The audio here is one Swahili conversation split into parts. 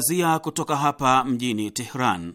zia kutoka hapa mjini Tehran.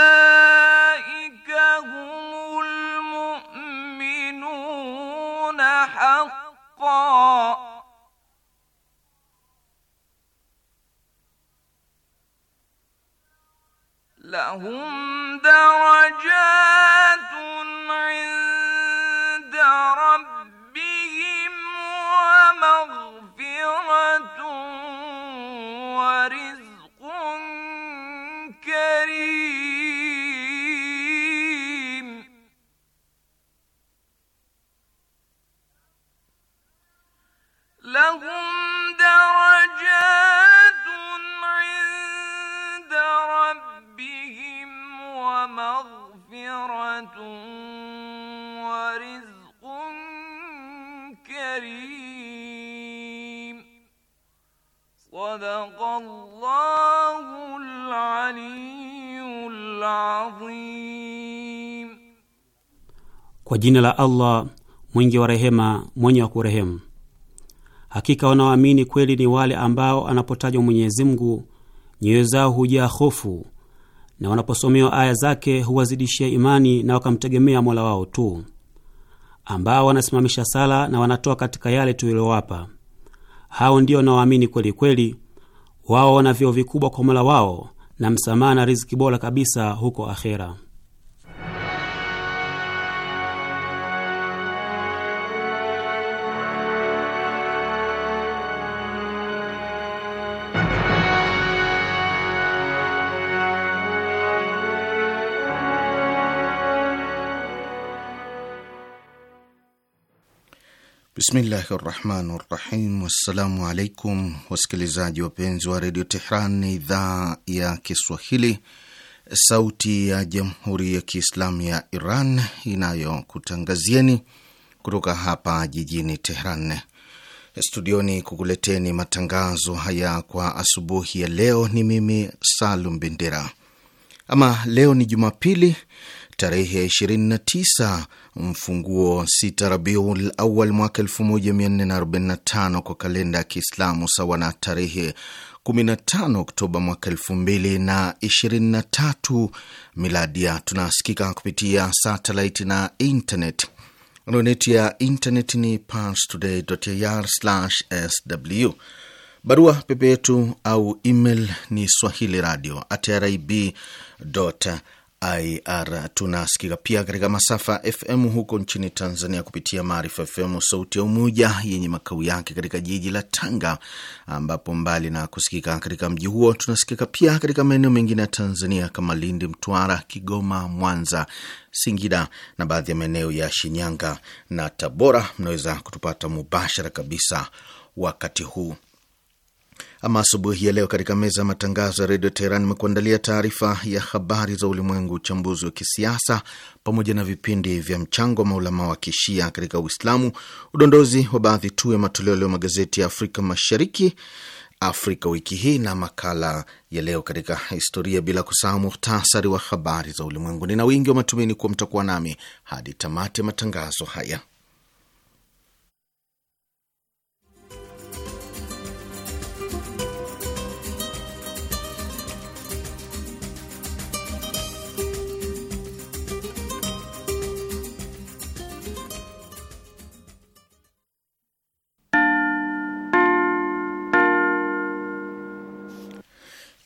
لهم درجات Kwa jina la Allah mwingi wa rehema, mwenye wa kurehemu. Hakika wanaoamini kweli ni wale ambao anapotajwa Mwenyezi Mungu nyoyo zao hujaa hofu na wanaposomewa aya zake huwazidishia imani na wakamtegemea mola wao tu, ambao wanasimamisha sala na wanatoa katika yale tuliyowapa. Hao ndio wanaoamini kweli kweli, wao wana vyeo vikubwa kwa mola wao na msamaha na riziki bora kabisa huko akhera. Bismillahi rahmani rahim. Wassalamu alaikum wasikilizaji wapenzi wa redio Tehran, ni idhaa ya Kiswahili, sauti ya jamhuri ya kiislamu ya Iran inayokutangazieni kutoka hapa jijini Tehran studioni kukuleteni matangazo haya kwa asubuhi ya leo. Ni mimi Salum Bendera. Ama leo ni Jumapili tarehe 29 mfunguo 6 Rabiul Awal mwaka 1445 kwa kalenda ya Kiislamu sawa na tarehe 15 Oktoba mwaka 2023 miladia. Tunasikika kupitia satellite na internet. Roneti ya internet ni parstoday.ir/sw. Barua pepe yetu au email ni swahili radio at rib IR. Tunasikika pia katika masafa FM huko nchini Tanzania kupitia Maarifa FM sauti ya Umoja yenye makao yake katika jiji la Tanga, ambapo mbali na kusikika katika mji huo tunasikika pia katika maeneo mengine ya Tanzania kama Lindi, Mtwara, Kigoma, Mwanza, Singida na baadhi ya maeneo ya Shinyanga na Tabora. Mnaweza kutupata mubashara kabisa wakati huu ama asubuhi ya leo katika meza ya matangazo ya redio Teheran imekuandalia taarifa ya habari za ulimwengu, uchambuzi wa kisiasa, pamoja na vipindi vya mchango wa maulama wa kishia katika Uislamu, udondozi wa baadhi tu ya matoleo leo magazeti ya Afrika Mashariki, Afrika wiki hii na makala ya leo katika historia, bila kusahau muhtasari wa habari za ulimwengu. Nina wingi wa matumaini kuwa mtakuwa nami hadi tamati ya matangazo haya.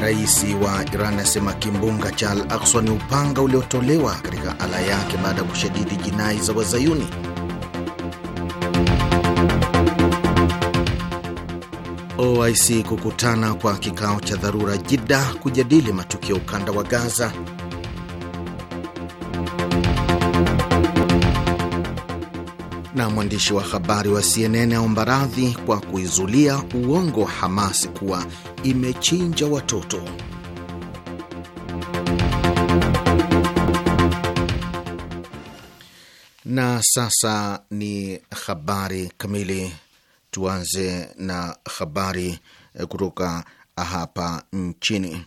Rais wa Iran asema kimbunga cha Al akswa ni upanga uliotolewa katika ala yake baada ya kushadidi jinai za Wazayuni. OIC kukutana kwa kikao cha dharura Jidda kujadili matukio ukanda wa Gaza. na mwandishi wa habari wa CNN aomba radhi kwa kuizulia uongo Hamas kuwa imechinja watoto. Na sasa ni habari kamili. Tuanze na habari eh, kutoka hapa nchini.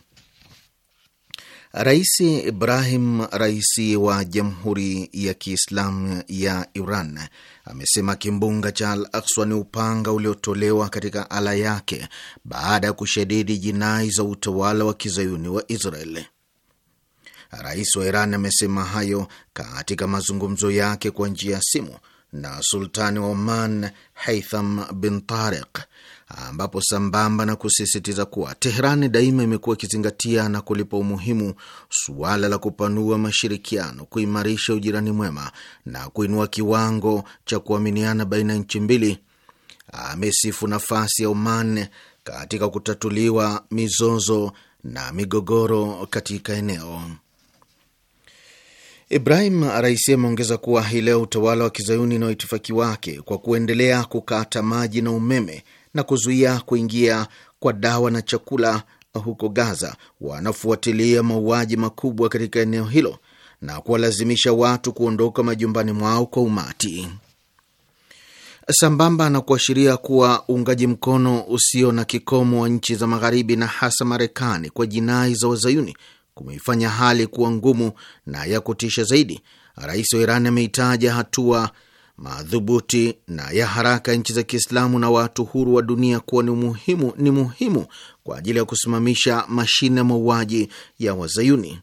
Rais Ibrahim Raisi wa Jamhuri ya Kiislamu ya Iran amesema kimbunga cha Al Akswa ni upanga uliotolewa katika ala yake baada ya kushadidi jinai za utawala wa kizayuni wa Israel. Rais wa Iran amesema hayo katika mazungumzo yake kwa njia ya simu na sultani wa Oman Haitham bin Tariq ambapo sambamba na kusisitiza kuwa Teherani daima imekuwa ikizingatia na kulipa umuhimu suala la kupanua mashirikiano, kuimarisha ujirani mwema na kuinua kiwango cha kuaminiana baina ya nchi mbili, amesifu nafasi ya Oman katika kutatuliwa mizozo na migogoro katika eneo. Ibrahim Raisi ameongeza kuwa hii leo utawala wa kizayuni na waitifaki wake kwa kuendelea kukata maji na umeme na kuzuia kuingia kwa dawa na chakula huko Gaza wanafuatilia mauaji makubwa katika eneo hilo na kuwalazimisha watu kuondoka majumbani mwao kwa umati, sambamba na kuashiria kuwa uungaji mkono usio na kikomo wa nchi za Magharibi na hasa Marekani kwa jinai za Wazayuni kumeifanya hali kuwa ngumu na ya kutisha zaidi. Rais wa iran ameitaja hatua madhubuti na ya haraka nchi za Kiislamu na watu huru wa dunia kuwa ni muhimu, ni muhimu kwa ajili ya kusimamisha mashine ya mauaji ya Wazayuni.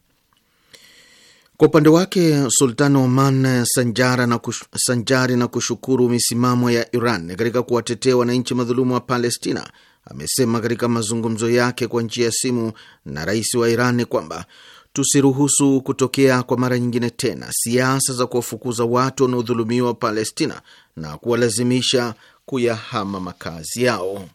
Kwa upande wake Sultani Oman sanjara na kush, sanjari na kushukuru misimamo ya Iran katika kuwatetea wananchi madhulumu wa Palestina amesema katika mazungumzo yake kwa njia ya simu na rais wa Iran kwamba tusiruhusu kutokea kwa mara nyingine tena siasa za kuwafukuza watu wanaodhulumiwa Palestina na kuwalazimisha kuyahama makazi yao.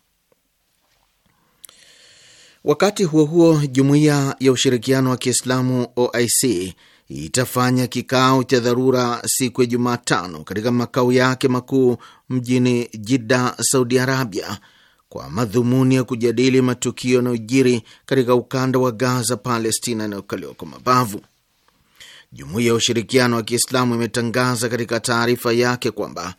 Wakati huo huo, jumuiya ya ushirikiano wa Kiislamu OIC itafanya kikao cha dharura siku ya Jumatano katika makao yake makuu mjini Jidda, Saudi Arabia kwa madhumuni ya kujadili matukio yanayojiri katika ukanda wa Gaza, Palestina inayokaliwa kwa mabavu. Jumuiya ya Ushirikiano wa Kiislamu imetangaza katika taarifa yake kwamba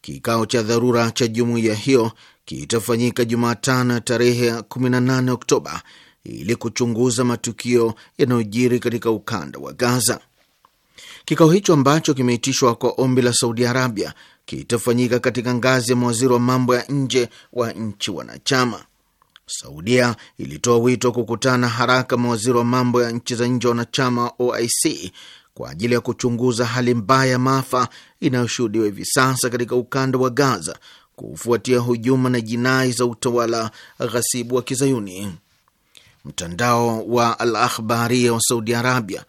kikao cha dharura cha jumuiya hiyo kitafanyika Jumatano ya tarehe 18 Oktoba ili kuchunguza matukio yanayojiri katika ukanda wa Gaza. Kikao hicho ambacho kimeitishwa kwa ombi la Saudi Arabia kitafanyika katika ngazi ya mawaziri wa mambo ya nje wa nchi wanachama. Saudia ilitoa wito wa kukutana haraka mawaziri wa mambo ya nchi za nje wanachama OIC kwa ajili ya kuchunguza hali mbaya ya maafa inayoshuhudiwa hivi sasa katika ukanda wa Gaza kufuatia hujuma na jinai za utawala ghasibu wa Kizayuni. Mtandao wa Al ahbaria wa Saudi Arabia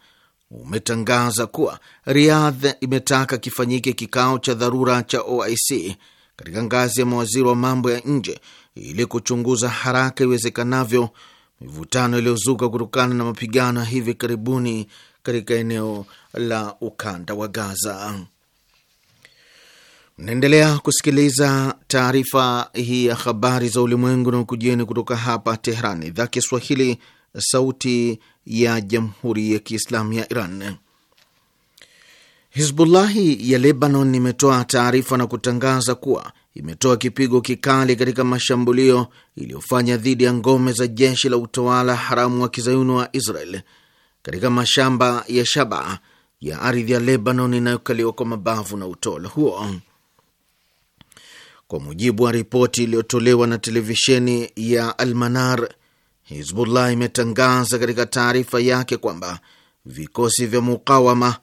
umetangaza kuwa Riyadh imetaka kifanyike kikao cha dharura cha OIC katika ngazi ya mawaziri wa mambo ya nje ili kuchunguza haraka iwezekanavyo mivutano iliyozuka kutokana na mapigano ya hivi karibuni katika eneo la ukanda wa Gaza. Naendelea kusikiliza taarifa hii ya habari za ulimwengu na ukujieni kutoka hapa Tehrani, idhaa Kiswahili, sauti ya Jamhuri ya Kiislamu ya Iran. Hizbullahi ya Lebanon imetoa taarifa na kutangaza kuwa imetoa kipigo kikali katika mashambulio iliyofanya dhidi ya ngome za jeshi la utawala haramu wa kizayuni wa Israel katika mashamba ya Shaba ya ardhi ya Lebanon inayokaliwa kwa mabavu na utawala huo. Kwa mujibu wa ripoti iliyotolewa na televisheni ya Almanar, Hizbullah imetangaza katika taarifa yake kwamba vikosi vya mukawama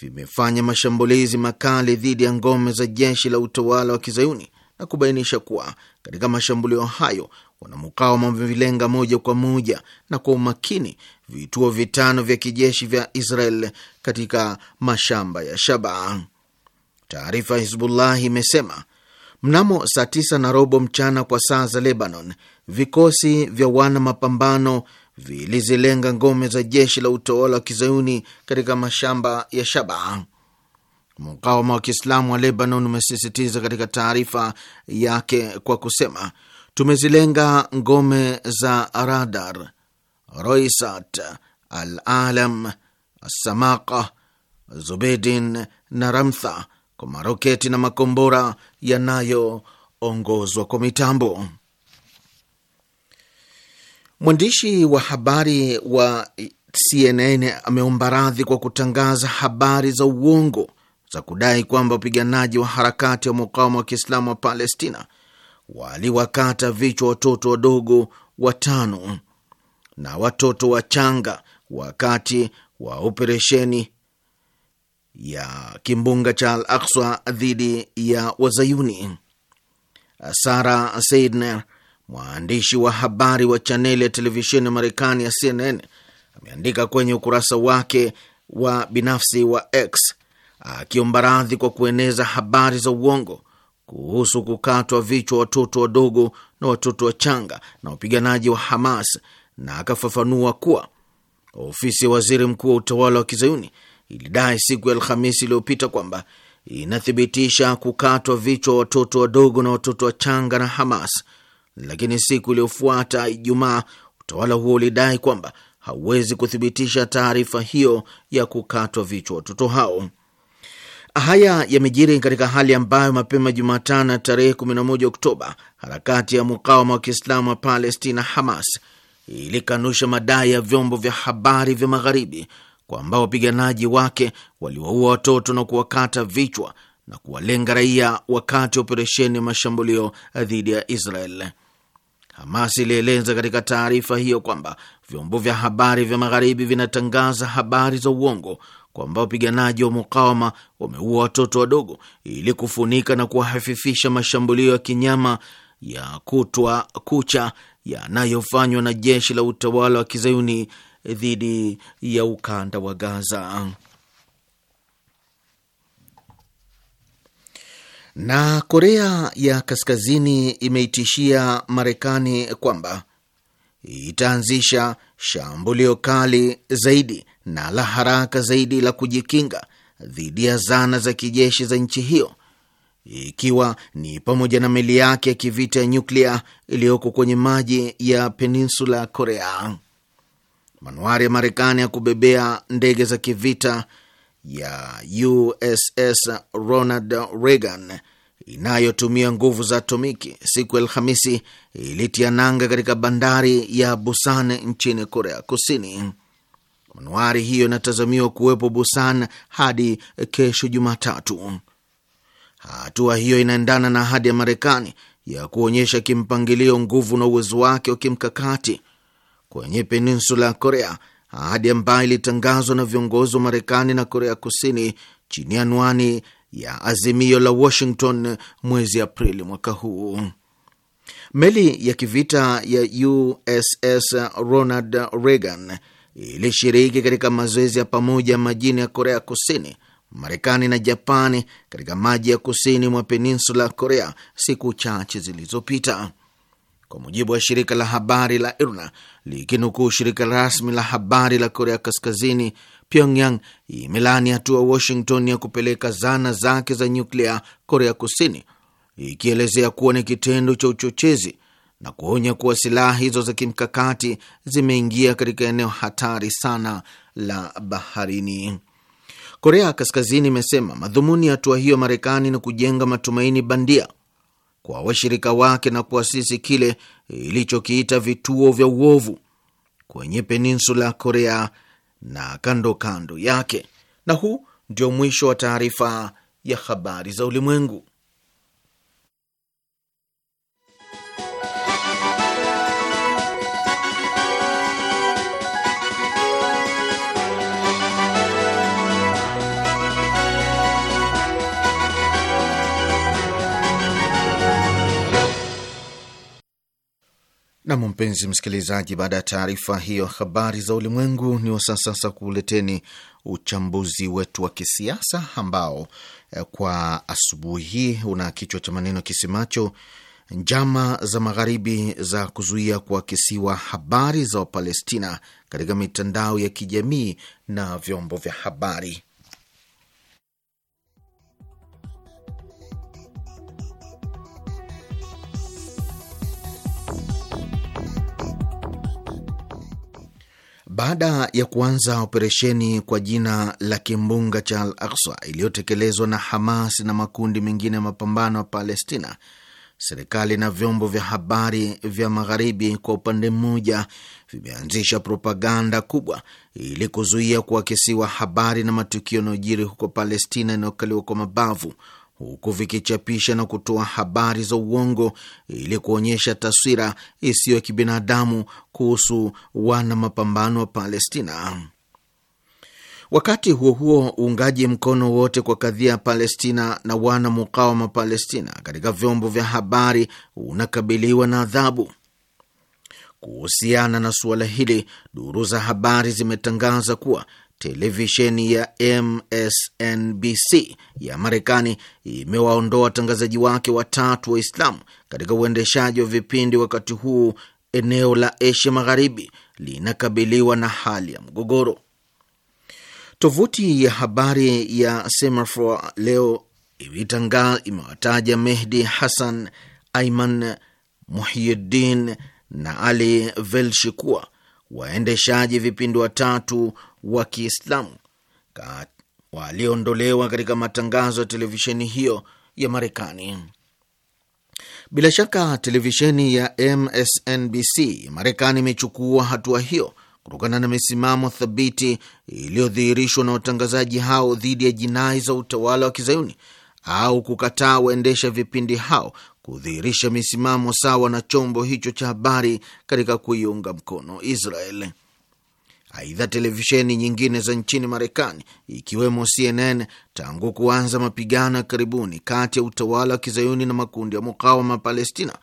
vimefanya mashambulizi makali dhidi ya ngome za jeshi la utawala wa kizayuni na kubainisha kuwa katika mashambulio hayo wanamukawama vilenga moja kwa moja na kwa umakini vituo vitano vya kijeshi vya Israel katika mashamba ya Shaba. Taarifa ya Hizbullah imesema mnamo saa tisa na robo mchana kwa saa za Lebanon, vikosi vya wana mapambano vilizilenga ngome za jeshi la utawala wa kizayuni katika mashamba ya Shaba. Mukawama wa Kiislamu wa Lebanon umesisitiza katika taarifa yake kwa kusema, tumezilenga ngome za Radar, Roisat, Al Alam, Samaka, Zubedin na Ramtha kwa maroketi na makombora yanayoongozwa kwa mitambo. Mwandishi wa habari wa CNN ameomba radhi kwa kutangaza habari za uongo za kudai kwamba wapiganaji wa harakati ya mukawama wa Kiislamu wa Palestina waliwakata vichwa watoto wadogo watano na watoto wachanga wakati wa operesheni ya kimbunga cha Al Akswa dhidi ya Wazayuni. Sara Seidner Mwandishi wa habari wa chaneli ya televisheni ya Marekani ya CNN ameandika kwenye ukurasa wake wa binafsi wa X akiomba radhi kwa kueneza habari za uongo kuhusu kukatwa vichwa watoto wadogo na watoto wachanga na wapiganaji wa Hamas, na akafafanua kuwa ofisi ya waziri mkuu wa utawala wa kizayuni ilidai siku ya Alhamisi iliyopita kwamba inathibitisha kukatwa vichwa watoto wadogo na watoto wachanga na Hamas lakini siku iliyofuata Ijumaa, utawala huo ulidai kwamba hauwezi kuthibitisha taarifa hiyo ya kukatwa vichwa watoto hao. Haya yamejiri katika hali ambayo mapema Jumatano ya tarehe 11 Oktoba, harakati ya mukawama wa Kiislamu wa Palestina, Hamas, ilikanusha madai ya vyombo vya habari vya Magharibi kwamba wapiganaji wake waliwaua watoto na kuwakata vichwa na kuwalenga raia wakati wa operesheni ya mashambulio dhidi ya Israel. Hamas ilieleza katika taarifa hiyo kwamba vyombo vya habari vya magharibi vinatangaza habari za uongo kwamba wapiganaji wa mukawama wameua watoto wadogo ili kufunika na kuwahafifisha mashambulio ya kinyama ya kutwa kucha yanayofanywa na jeshi la utawala wa kizayuni dhidi ya ukanda wa Gaza. Na Korea ya Kaskazini imeitishia Marekani kwamba itaanzisha shambulio kali zaidi na la haraka zaidi la kujikinga dhidi ya zana za kijeshi za nchi hiyo ikiwa ni pamoja na meli yake ya kivita ya nyuklia iliyoko kwenye maji ya peninsula Korea. Manuari ya Marekani ya kubebea ndege za kivita ya USS Ronald Reagan inayotumia nguvu za atomiki siku ya Alhamisi ilitia nanga katika bandari ya Busan nchini Korea Kusini. Manuari hiyo inatazamiwa kuwepo Busan hadi kesho Jumatatu. Hatua hiyo inaendana na ahadi ya Marekani ya kuonyesha kimpangilio nguvu na uwezo wake wa kimkakati kwenye peninsula ya Korea ahadi ambayo ilitangazwa na viongozi wa Marekani na Korea Kusini chini ya anwani ya azimio la Washington mwezi Aprili mwaka huu. Meli ya kivita ya USS Ronald Reagan ilishiriki katika mazoezi ya pamoja majini ya Korea Kusini, Marekani na Japani katika maji ya kusini mwa peninsula ya Korea siku chache zilizopita kwa mujibu wa shirika la habari la IRNA likinukuu shirika rasmi la habari la Korea Kaskazini, Pyongyang imelaani hatua Washington ya kupeleka zana zake za nyuklia Korea Kusini, ikielezea kuwa ni kitendo cha uchochezi na kuonya kuwa silaha hizo za kimkakati zimeingia katika eneo hatari sana la baharini. Korea Kaskazini imesema madhumuni ya hatua hiyo Marekani ni kujenga matumaini bandia kwa washirika wake na kuasisi kile ilichokiita vituo vya uovu kwenye peninsula Korea na kando kando yake. Na huu ndio mwisho wa taarifa ya habari za ulimwengu. Nam, mpenzi msikilizaji, baada ya taarifa hiyo habari za ulimwengu, ni wasaa sasa kuleteni uchambuzi wetu wa kisiasa ambao eh, kwa asubuhi hii una kichwa cha maneno kisemacho njama za magharibi za kuzuia kuakisiwa habari za Wapalestina katika mitandao ya kijamii na vyombo vya habari. Baada ya kuanza operesheni kwa jina la kimbunga cha Al Aksa iliyotekelezwa na Hamas na makundi mengine ya mapambano ya Palestina, serikali na vyombo vya habari vya Magharibi kwa upande mmoja vimeanzisha propaganda kubwa ili kuzuia kuakisiwa habari na matukio yanayojiri huko Palestina inayokaliwa kwa mabavu, huku vikichapisha na kutoa habari za uongo ili kuonyesha taswira isiyo ya kibinadamu kuhusu wana mapambano wa Palestina. Wakati huo huo, uungaji mkono wote kwa kadhia ya Palestina na wana mukawama Palestina katika vyombo vya habari unakabiliwa na adhabu. Kuhusiana na suala hili, duru za habari zimetangaza kuwa Televisheni ya MSNBC ya Marekani imewaondoa watangazaji wake watatu Waislamu katika uendeshaji wa vipindi wakati huu eneo la Asia Magharibi linakabiliwa na hali ya mgogoro. Tovuti ya habari ya Semafor leo imetanga imewataja Mehdi Hassan, Aiman Muhyiddin na Ali Velshi kuwa waendeshaji vipindi watatu wa Kiislamu walioondolewa katika matangazo ya televisheni hiyo ya Marekani. Bila shaka televisheni ya MSNBC Marekani imechukua hatua hiyo kutokana na misimamo thabiti iliyodhihirishwa na watangazaji hao dhidi ya jinai za utawala wa kizayuni au kukataa waendesha vipindi hao kudhihirisha misimamo sawa na chombo hicho cha habari katika kuiunga mkono Israeli. Aidha, televisheni nyingine za nchini Marekani ikiwemo CNN tangu kuanza mapigano ya karibuni kati ya utawala wa kizayuni na makundi ya mukawama Palestina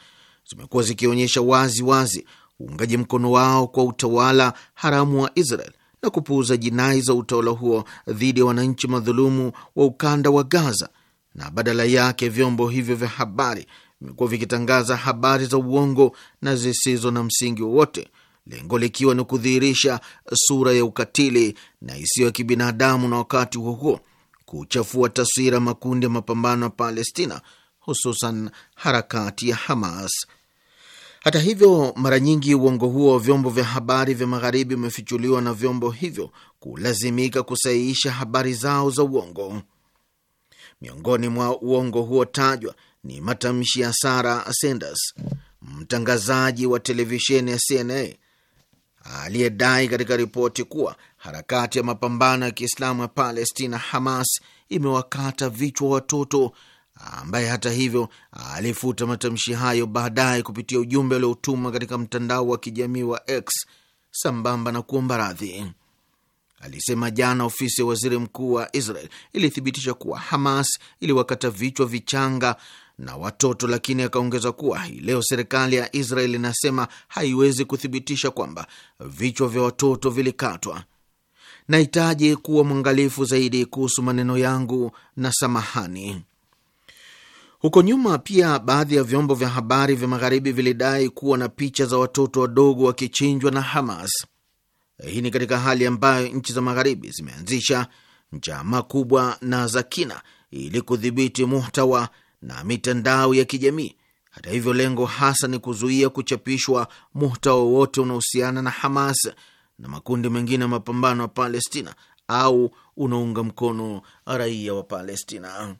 zimekuwa zikionyesha wazi wazi uungaji mkono wao kwa utawala haramu wa Israel na kupuuza jinai za utawala huo dhidi ya wananchi madhulumu wa ukanda wa Gaza, na badala yake vyombo hivyo vya habari vimekuwa vikitangaza habari za uongo na zisizo na msingi wowote lengo likiwa ni kudhihirisha sura ya ukatili na isiyo ya kibinadamu, na wakati huo huo kuchafua taswira makundi ya mapambano ya Palestina, hususan harakati ya Hamas. Hata hivyo, mara nyingi uongo huo wa vyombo vya habari vya Magharibi umefichuliwa na vyombo hivyo kulazimika kusahihisha habari zao za uongo. Miongoni mwa uongo huo tajwa ni matamshi ya Sarah Sanders, mtangazaji wa televisheni ya CNA aliyedai katika ripoti kuwa harakati ya mapambano ya Kiislamu ya Palestina, Hamas, imewakata vichwa watoto, ambaye hata hivyo alifuta matamshi hayo baadaye kupitia ujumbe aliotuma katika mtandao wa kijamii wa X sambamba na kuomba radhi. Alisema jana ofisi ya waziri mkuu wa Israel ilithibitisha kuwa Hamas iliwakata vichwa vichanga na watoto, lakini akaongeza kuwa hii leo serikali ya Israel inasema haiwezi kuthibitisha kwamba vichwa vya watoto vilikatwa. Nahitaji kuwa mwangalifu zaidi kuhusu maneno yangu na samahani. Huko nyuma pia baadhi ya vyombo vya habari vya magharibi vilidai kuwa na picha za watoto wadogo wakichinjwa na Hamas. Hii ni katika hali ambayo nchi za magharibi zimeanzisha njama kubwa na za kina ili kudhibiti muhtawa na mitandao ya kijamii. Hata hivyo, lengo hasa ni kuzuia kuchapishwa muhta wowote unaohusiana na Hamas na makundi mengine ya mapambano ya Palestina au unaunga mkono raia wa Palestina.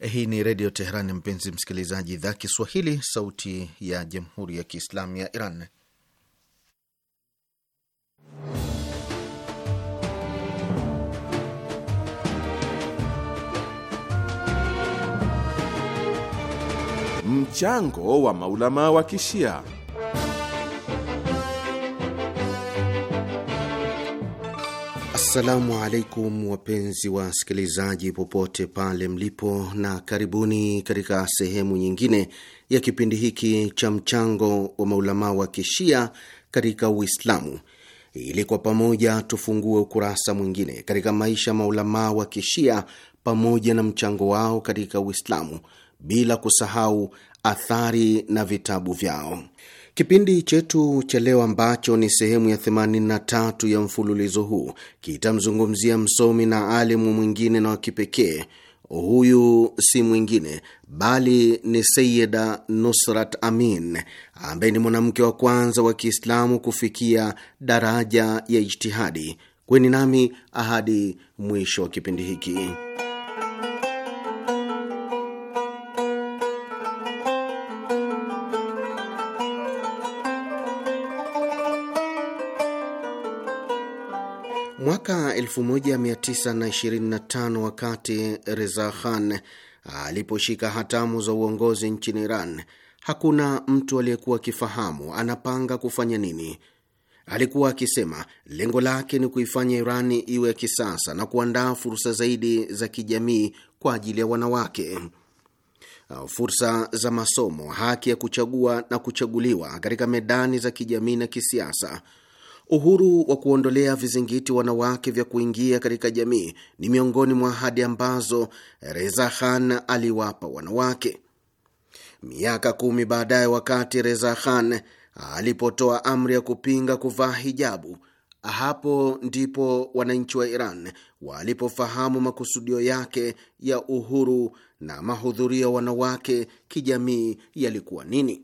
Hii ni Redio Teherani, mpenzi msikilizaji, idhaa Kiswahili, sauti ya Jamhuri ya Kiislamu ya Iran. Mchango wa maulama wa Kishia. Assalamu alaikum wapenzi wa sikilizaji, popote pale mlipo, na karibuni katika sehemu nyingine ya kipindi hiki cha mchango wa maulamaa wa kishia katika Uislamu, ili kwa pamoja tufungue ukurasa mwingine katika maisha ya maulamaa wa kishia pamoja na mchango wao katika Uislamu, bila kusahau athari na vitabu vyao. Kipindi chetu cha leo ambacho ni sehemu ya 83 ya mfululizo huu kitamzungumzia msomi na alimu mwingine na wa kipekee. Huyu si mwingine bali ni Sayida Nusrat Amin, ambaye ni mwanamke wa kwanza wa Kiislamu kufikia daraja ya ijtihadi. Kweni nami ahadi mwisho wa kipindi hiki. Mwaka 1925 wakati Reza Khan aliposhika hatamu za uongozi nchini Iran, hakuna mtu aliyekuwa akifahamu anapanga kufanya nini. Alikuwa akisema lengo lake ni kuifanya Irani iwe ya kisasa na kuandaa fursa zaidi za kijamii kwa ajili ya wanawake, fursa za masomo, haki ya kuchagua na kuchaguliwa katika medani za kijamii na kisiasa Uhuru wa kuondolea vizingiti wanawake vya kuingia katika jamii ni miongoni mwa ahadi ambazo Reza Khan aliwapa wanawake. Miaka kumi baadaye, wakati Reza Khan alipotoa amri ya kupinga kuvaa hijabu, hapo ndipo wananchi wa Iran walipofahamu makusudio yake ya uhuru na mahudhurio ya wanawake kijamii yalikuwa nini.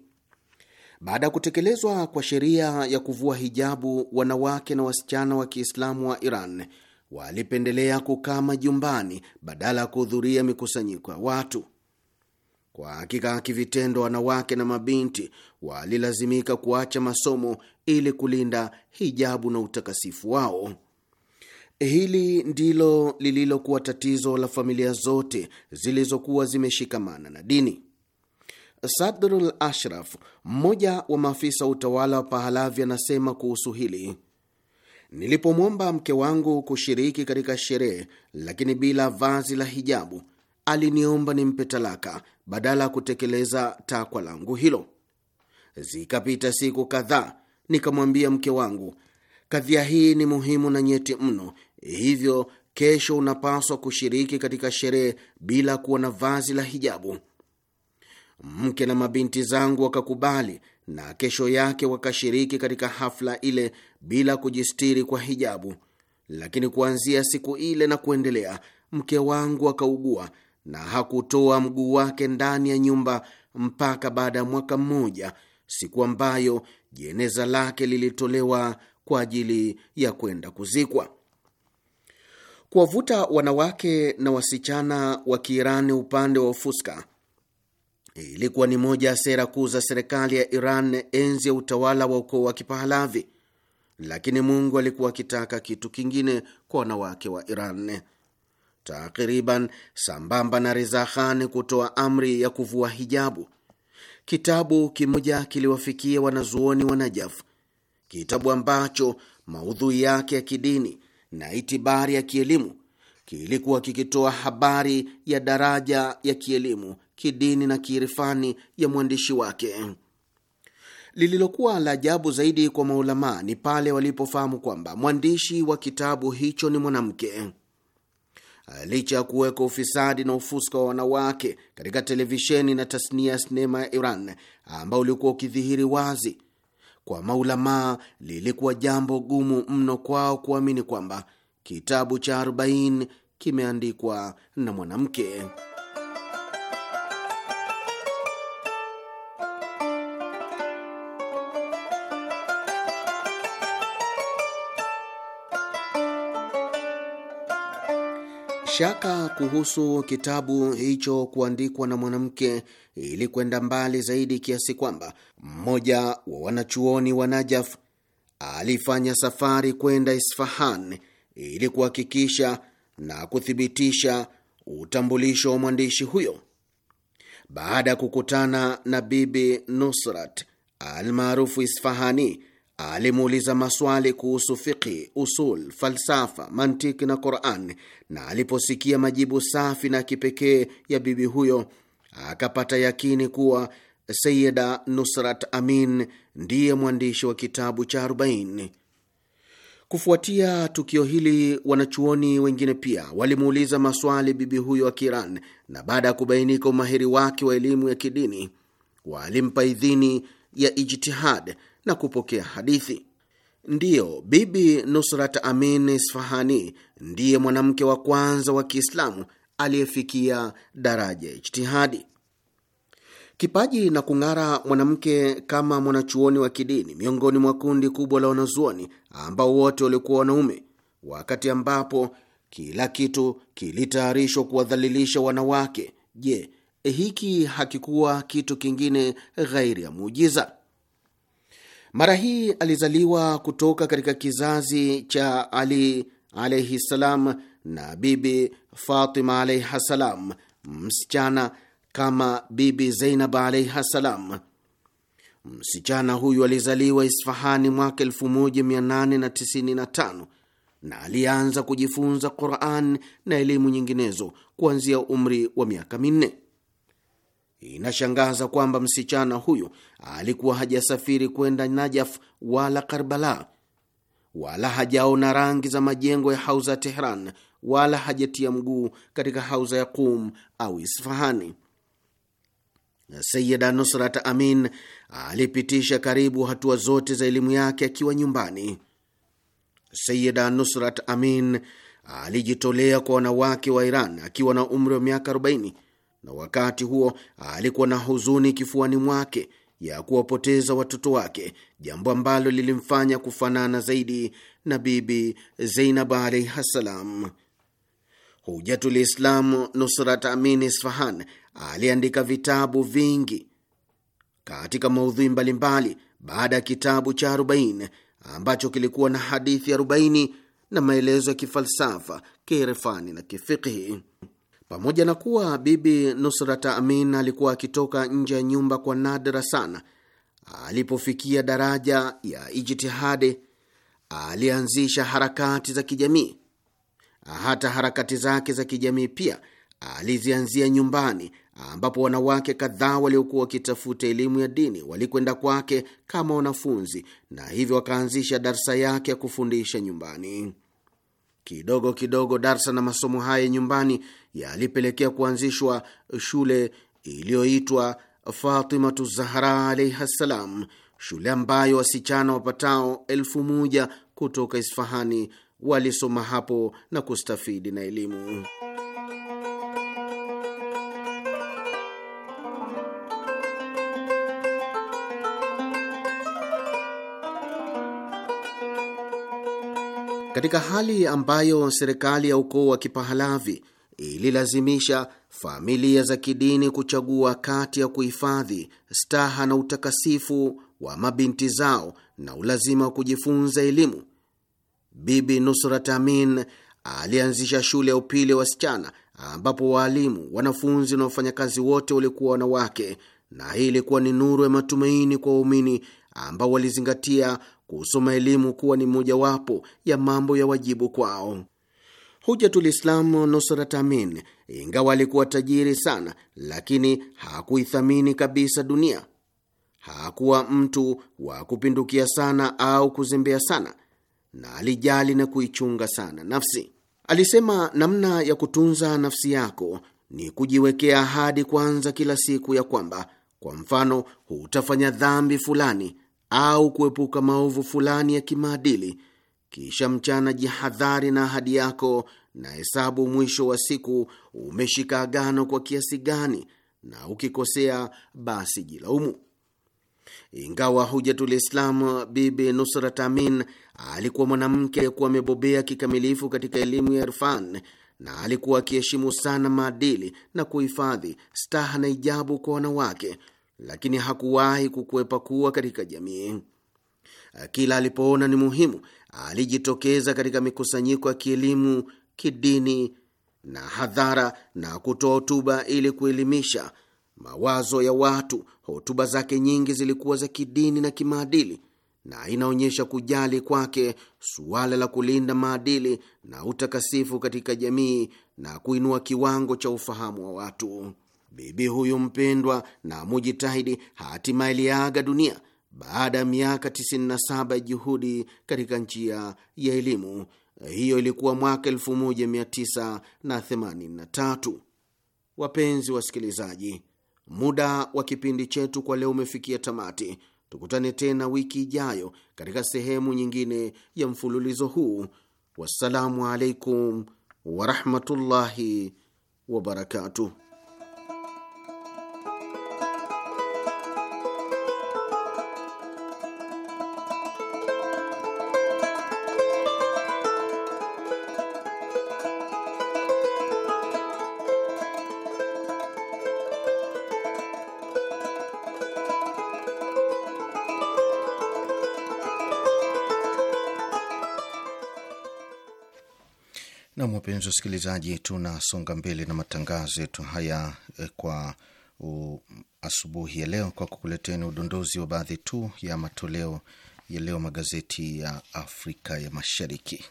Baada ya kutekelezwa kwa sheria ya kuvua hijabu, wanawake na wasichana wa Kiislamu wa Iran walipendelea kukaa majumbani badala ya kuhudhuria mikusanyiko ya watu. Kwa hakika, kivitendo, wanawake na mabinti walilazimika kuacha masomo ili kulinda hijabu na utakasifu wao. Hili ndilo lililokuwa tatizo la familia zote zilizokuwa zimeshikamana na dini. Sadrul Ashraf, mmoja wa maafisa wa utawala wa Pahalavi, anasema kuhusu hili: Nilipomwomba mke wangu kushiriki katika sherehe, lakini bila vazi la hijabu, aliniomba nimpe talaka badala ya kutekeleza takwa langu hilo. Zikapita siku kadhaa, nikamwambia mke wangu, kadhia hii ni muhimu na nyeti mno, hivyo kesho unapaswa kushiriki katika sherehe bila kuwa na vazi la hijabu. Mke na mabinti zangu wakakubali, na kesho yake wakashiriki katika hafla ile bila kujistiri kwa hijabu. Lakini kuanzia siku ile na kuendelea, mke wangu akaugua na hakutoa mguu wake ndani ya nyumba mpaka baada ya mwaka mmoja, siku ambayo jeneza lake lilitolewa kwa ajili ya kwenda kuzikwa. Kuwavuta wanawake na wasichana wa Kiirani upande wa ufuska ilikuwa ni moja ya sera kuu za serikali ya Iran enzi ya utawala wa ukoo wa Kipahalavi, lakini Mungu alikuwa akitaka kitu kingine kwa wanawake wa Iran. Takriban sambamba na Reza Khan kutoa amri ya kuvua hijabu, kitabu kimoja kiliwafikia wanazuoni wa Najaf, kitabu ambacho maudhui yake ya kidini na itibari ya kielimu kilikuwa kikitoa habari ya daraja ya kielimu kidini na kiirifani ya mwandishi wake. Lililokuwa la ajabu zaidi kwa maulamaa ni pale walipofahamu kwamba mwandishi wa kitabu hicho ni mwanamke. Licha ya kuweka ufisadi na ufuska wa wanawake katika televisheni na tasnia ya sinema ya Iran ambao ulikuwa ukidhihiri wazi, kwa maulamaa lilikuwa jambo gumu mno kwao kuamini kwamba kitabu cha 40 kimeandikwa na mwanamke. Shaka kuhusu kitabu hicho kuandikwa na mwanamke ili kwenda mbali zaidi kiasi kwamba mmoja wa wanachuoni wa Najaf alifanya safari kwenda Isfahan ili kuhakikisha na kuthibitisha utambulisho wa mwandishi huyo. Baada ya kukutana na Bibi Nusrat almaarufu Isfahani Alimuuliza maswali kuhusu fiqhi, usul, falsafa, mantiki na Quran, na aliposikia majibu safi na kipekee ya bibi huyo akapata yakini kuwa Sayida Nusrat Amin ndiye mwandishi wa kitabu cha 40. Kufuatia tukio hili, wanachuoni wengine pia walimuuliza maswali bibi huyo wa kiran na baada ya kubainika umahiri wake wa elimu ya kidini walimpa idhini ya ijtihad na kupokea hadithi. Ndiyo, Bibi Nusrat Amin Isfahani ndiye mwanamke wa kwanza wa Kiislamu aliyefikia daraja ya ijtihadi. Kipaji na kung'ara mwanamke kama mwanachuoni wa kidini miongoni mwa kundi kubwa la wanazuoni ambao wote walikuwa wanaume, wakati ambapo kila kitu kilitayarishwa kuwadhalilisha wanawake. Je, hiki hakikuwa kitu kingine ghairi ya muujiza? Mara hii alizaliwa kutoka katika kizazi cha Ali alaihi ssalam na Bibi Fatima alaiha ssalam, msichana kama Bibi Zeinab alaiha ssalam. Msichana huyu alizaliwa Isfahani mwaka 1895 na alianza kujifunza Quran na elimu nyinginezo kuanzia umri wa miaka minne. Inashangaza kwamba msichana huyu alikuwa hajasafiri kwenda Najaf wala Karbala, wala hajaona rangi za majengo ya hauza ya Tehran, wala hajatia mguu katika hauza ya Qum au Isfahani. Sayida Nusrat Amin alipitisha karibu hatua zote za elimu yake akiwa nyumbani. Sayida Nusrat Amin alijitolea kwa wanawake wa Iran akiwa na umri wa miaka 40 na wakati huo alikuwa na huzuni kifuani mwake ya kuwapoteza watoto wake, jambo ambalo lilimfanya kufanana zaidi na Bibi Zeinab alaihi ssalam. Hujatul Islam Nusrat Amin Isfahan aliandika vitabu vingi katika maudhui mbalimbali baada ya kitabu cha 40 ambacho kilikuwa na hadithi 40 na maelezo ya kifalsafa, kiherefani na kifikhi. Pamoja na kuwa Bibi Nusrat Amin alikuwa akitoka nje ya nyumba kwa nadra sana, alipofikia daraja ya ijtihadi alianzisha harakati za kijamii. Hata harakati zake za kijamii pia alizianzia nyumbani, ambapo wanawake kadhaa waliokuwa wakitafuta elimu ya dini walikwenda kwake kama wanafunzi, na hivyo akaanzisha darsa yake ya kufundisha nyumbani. Kidogo kidogo darsa na masomo haya nyumbani yalipelekea kuanzishwa shule iliyoitwa Fatimatu Zahra alaihi ssalam, shule ambayo wasichana wapatao elfu moja kutoka Isfahani walisoma hapo na kustafidi na elimu. katika hali ambayo serikali ya ukoo wa Kipahalavi ililazimisha familia za kidini kuchagua kati ya kuhifadhi staha na utakasifu wa mabinti zao na ulazima wa kujifunza elimu. Bibi Nusrat Amin alianzisha shule ya upili ya wasichana ambapo waalimu, wanafunzi na wafanyakazi wote walikuwa wanawake, na hii ilikuwa ni nuru ya matumaini kwa waumini ambao walizingatia kusoma elimu kuwa ni mojawapo ya mambo ya wajibu kwao. Hujatul Islamu Nusrat Amin, ingawa alikuwa tajiri sana, lakini hakuithamini kabisa dunia. Hakuwa mtu wa kupindukia sana au kuzembea sana, na alijali na kuichunga sana nafsi. Alisema namna ya kutunza nafsi yako ni kujiwekea ahadi kwanza kila siku, ya kwamba kwa mfano, hutafanya dhambi fulani au kuepuka maovu fulani ya kimaadili. Kisha mchana jihadhari na ahadi yako, na hesabu mwisho wa siku umeshika agano kwa kiasi gani, na ukikosea basi jilaumu. Ingawa Hujatul Islam Bibi Nusrat Amin alikuwa mwanamke aliyekuwa amebobea kikamilifu katika elimu ya irfan na alikuwa akiheshimu sana maadili na kuhifadhi staha na ijabu kwa wanawake, lakini hakuwahi kukwepa kuwa katika jamii. Kila alipoona ni muhimu, alijitokeza katika mikusanyiko ya kielimu, kidini na hadhara na kutoa hotuba ili kuelimisha mawazo ya watu. Hotuba zake nyingi zilikuwa za kidini na kimaadili, na inaonyesha kujali kwake suala la kulinda maadili na utakasifu katika jamii na kuinua kiwango cha ufahamu wa watu. Bibi huyu mpendwa na mujitahidi hatimaye aliaga dunia baada ya miaka 97 ya juhudi katika njia ya elimu. Hiyo ilikuwa mwaka 1983. Wapenzi wasikilizaji, muda wa kipindi chetu kwa leo umefikia tamati. Tukutane tena wiki ijayo katika sehemu nyingine ya mfululizo huu. Wassalamu alaikum warahmatullahi wabarakatuh. Wapenzi wasikilizaji, tunasonga mbele na matangazo yetu haya eh, kwa u, asubuhi ya leo kwa kukuleteni udondozi wa baadhi tu ya matoleo ya leo magazeti ya Afrika ya Mashariki.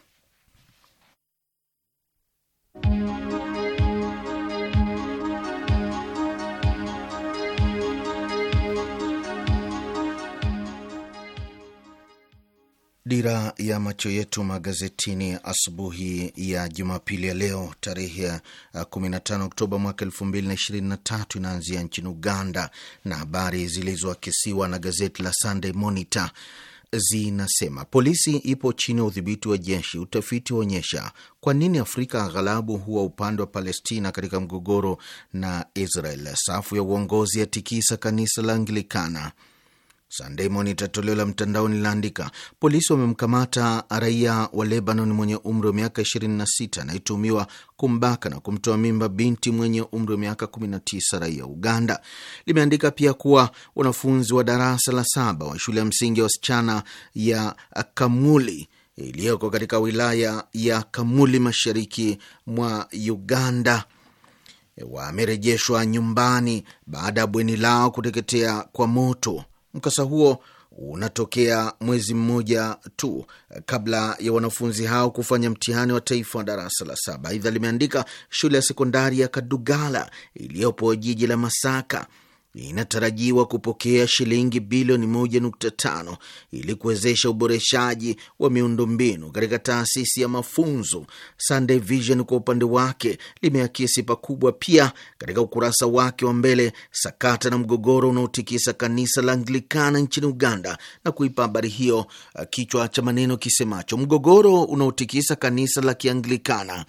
dira ya macho yetu magazetini asubuhi ya Jumapili ya leo tarehe ya 15 uh, Oktoba mwaka 2023 inaanzia nchini Uganda, na habari zilizoakisiwa na gazeti la Sunday Monitor zinasema polisi ipo chini ya udhibiti wa jeshi. Utafiti waonyesha kwa nini Afrika aghalabu huwa upande wa Palestina katika mgogoro na Israel. Safu ya uongozi ya tikisa kanisa la Anglikana. Sunday Monitor toleo la mtandaoni linaandika polisi wamemkamata raia wa Lebanon mwenye umri wa miaka 26 anayetuhumiwa kumbaka na kumtoa mimba binti mwenye umri wa miaka 19 raia Uganda. Limeandika pia kuwa wanafunzi wa darasa la saba wa shule ya msingi ya wasichana ya Kamuli iliyoko katika wilaya ya Kamuli mashariki mwa Uganda wamerejeshwa nyumbani baada ya bweni lao kuteketea kwa moto. Mkasa huo unatokea mwezi mmoja tu kabla ya wanafunzi hao kufanya mtihani wa taifa wa darasa la saba. Aidha limeandika shule ya sekondari ya Kadugala iliyopo jiji la Masaka inatarajiwa kupokea shilingi bilioni 1.5 ili kuwezesha uboreshaji wa miundombinu katika taasisi ya mafunzo. Sunday Vision kwa upande wake limeakisi pakubwa pia katika ukurasa wake wa mbele sakata na mgogoro unaotikisa kanisa la Anglikana nchini Uganda na kuipa habari hiyo kichwa cha maneno kisemacho mgogoro unaotikisa kanisa la Kianglikana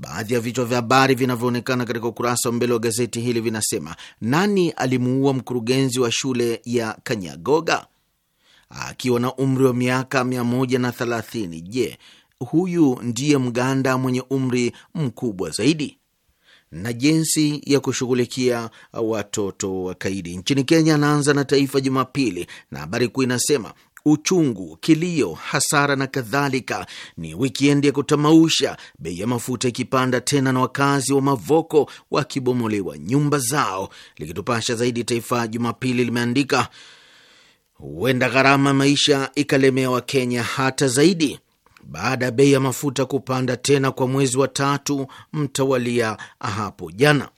Baadhi ya vichwa vya habari vinavyoonekana katika ukurasa wa mbele wa gazeti hili vinasema: nani alimuua mkurugenzi wa shule ya Kanyagoga akiwa na umri wa miaka 130? Je, huyu ndiye mganda mwenye umri mkubwa zaidi? na jinsi ya kushughulikia watoto wa kaidi nchini Kenya. Anaanza na Taifa Jumapili, na habari kuu inasema uchungu, kilio, hasara na kadhalika. Ni wikendi ya kutamausha, bei ya mafuta ikipanda tena na wakazi wa Mavoko wakibomolewa nyumba zao. Likitupasha zaidi, Taifa Jumapili limeandika huenda gharama maisha ikalemea Wakenya hata zaidi baada ya bei ya mafuta kupanda tena kwa mwezi wa tatu mtawalia hapo jana.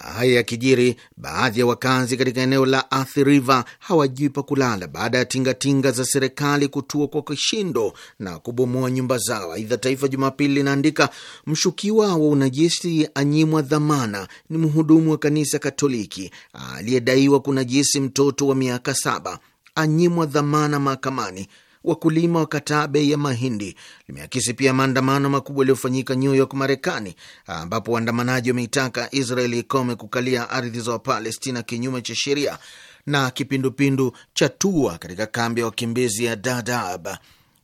Haya yakijiri, baadhi ya wakazi katika eneo la Athi River hawajui pa kulala baada ya tingatinga za serikali kutua kwa kishindo na kubomoa nyumba zao. Aidha, Taifa Jumapili linaandika mshukiwa wa unajisi anyimwa dhamana, ni mhudumu wa kanisa Katoliki aliyedaiwa kunajisi mtoto wa miaka saba anyimwa dhamana mahakamani wakulima wakataa bei ya mahindi limeakisi pia maandamano makubwa yaliyofanyika New York, Marekani, ambapo waandamanaji wameitaka Israeli ikome kukalia ardhi za Wapalestina kinyume cha sheria, na kipindupindu cha tua katika kambi ya wakimbizi ya Dadaab.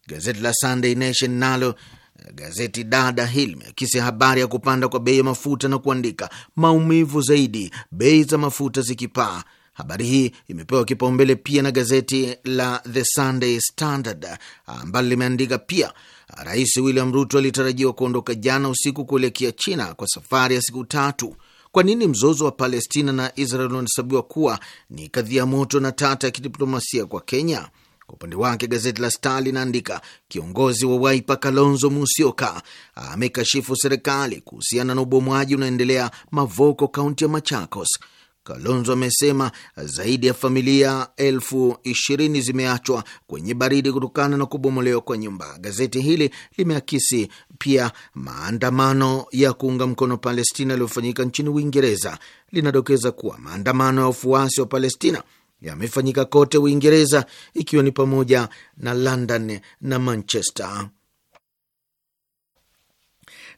Gazeti la Sunday Nation nalo eh, gazeti dada hili limeakisi habari ya kupanda kwa bei ya mafuta na kuandika maumivu zaidi, bei za mafuta zikipaa Habari hii imepewa kipaumbele pia na gazeti la The Sunday Standard ambalo limeandika pia, Rais William Ruto alitarajiwa kuondoka jana usiku kuelekea China kwa safari ya siku tatu. Kwa nini mzozo wa Palestina na Israel unahesabiwa kuwa ni kadhia moto na tata ya kidiplomasia kwa Kenya? Kwa upande wake gazeti la Star linaandika kiongozi wa Waipa Kalonzo Musyoka amekashifu serikali kuhusiana na ubomwaji unaendelea Mavoko, kaunti ya Machakos. Kalonzo amesema zaidi ya familia elfu ishirini zimeachwa kwenye baridi kutokana na kubomolewa kwa nyumba. Gazeti hili limeakisi pia maandamano ya kuunga mkono Palestina yaliyofanyika nchini Uingereza. Linadokeza kuwa maandamano ya wafuasi wa Palestina yamefanyika kote Uingereza, ikiwa ni pamoja na London na Manchester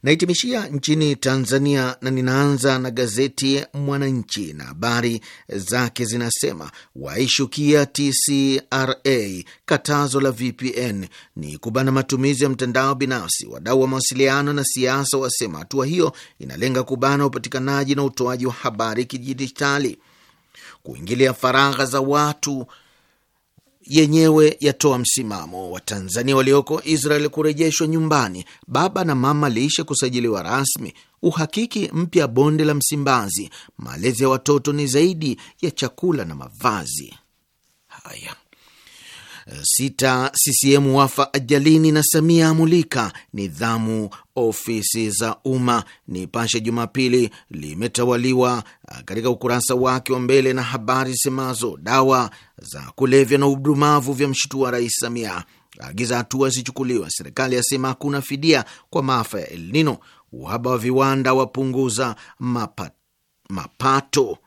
naitimishia nchini Tanzania na ninaanza na gazeti Mwananchi na habari zake zinasema: waishukia TCRA katazo la VPN ni kubana matumizi ya mtandao binafsi. Wadau wa mawasiliano na siasa wasema hatua hiyo inalenga kubana upatikanaji na utoaji wa habari kidijitali, kuingilia faragha za watu yenyewe yatoa msimamo. Watanzania walioko Israel kurejeshwa nyumbani, baba na mama liishe kusajiliwa rasmi, uhakiki mpya bonde la Msimbazi, malezi ya watoto ni zaidi ya chakula na mavazi. Haya. Eh, sita. CCM wafa ajalini na Samia amulika nidhamu ofisi za umma. Nipashe Jumapili limetawaliwa eh, katika ukurasa wake wa mbele na habari zisemazo dawa za kulevya na udumavu vya mshitua Rais Samia, agiza hatua zichukuliwa. Serikali yasema hakuna fidia kwa maafa ya El Nino. Uhaba wa viwanda wapunguza mapato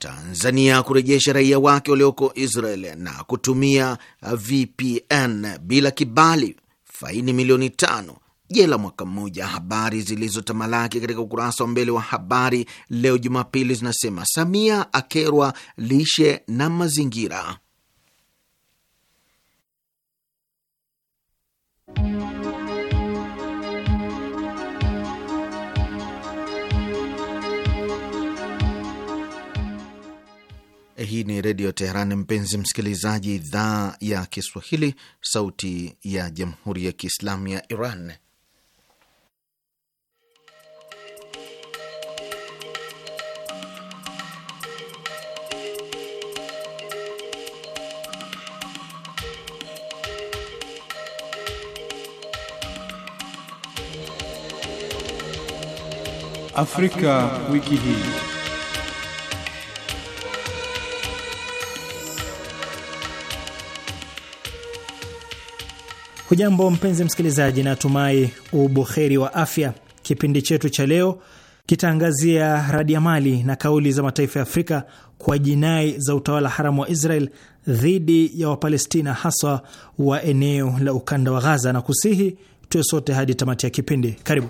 Tanzania kurejesha raia wake walioko Israel na kutumia VPN bila kibali, faini milioni tano, jela mwaka mmoja. Habari zilizotamalaki katika ukurasa wa mbele wa habari leo Jumapili zinasema Samia akerwa lishe na mazingira. Redio Teheran. Mpenzi msikilizaji, idhaa ya Kiswahili, sauti ya jamhuri ya kiislamu ya Iran. Afrika, Afrika wiki hii. Hujambo mpenzi msikilizaji, natumai ubuheri wa afya. Kipindi chetu cha leo kitaangazia radi ya mali na kauli za mataifa ya Afrika kwa jinai za utawala haramu wa Israel dhidi ya Wapalestina, haswa wa eneo la ukanda wa Ghaza, na kusihi tuwe sote hadi tamati ya kipindi. Karibu.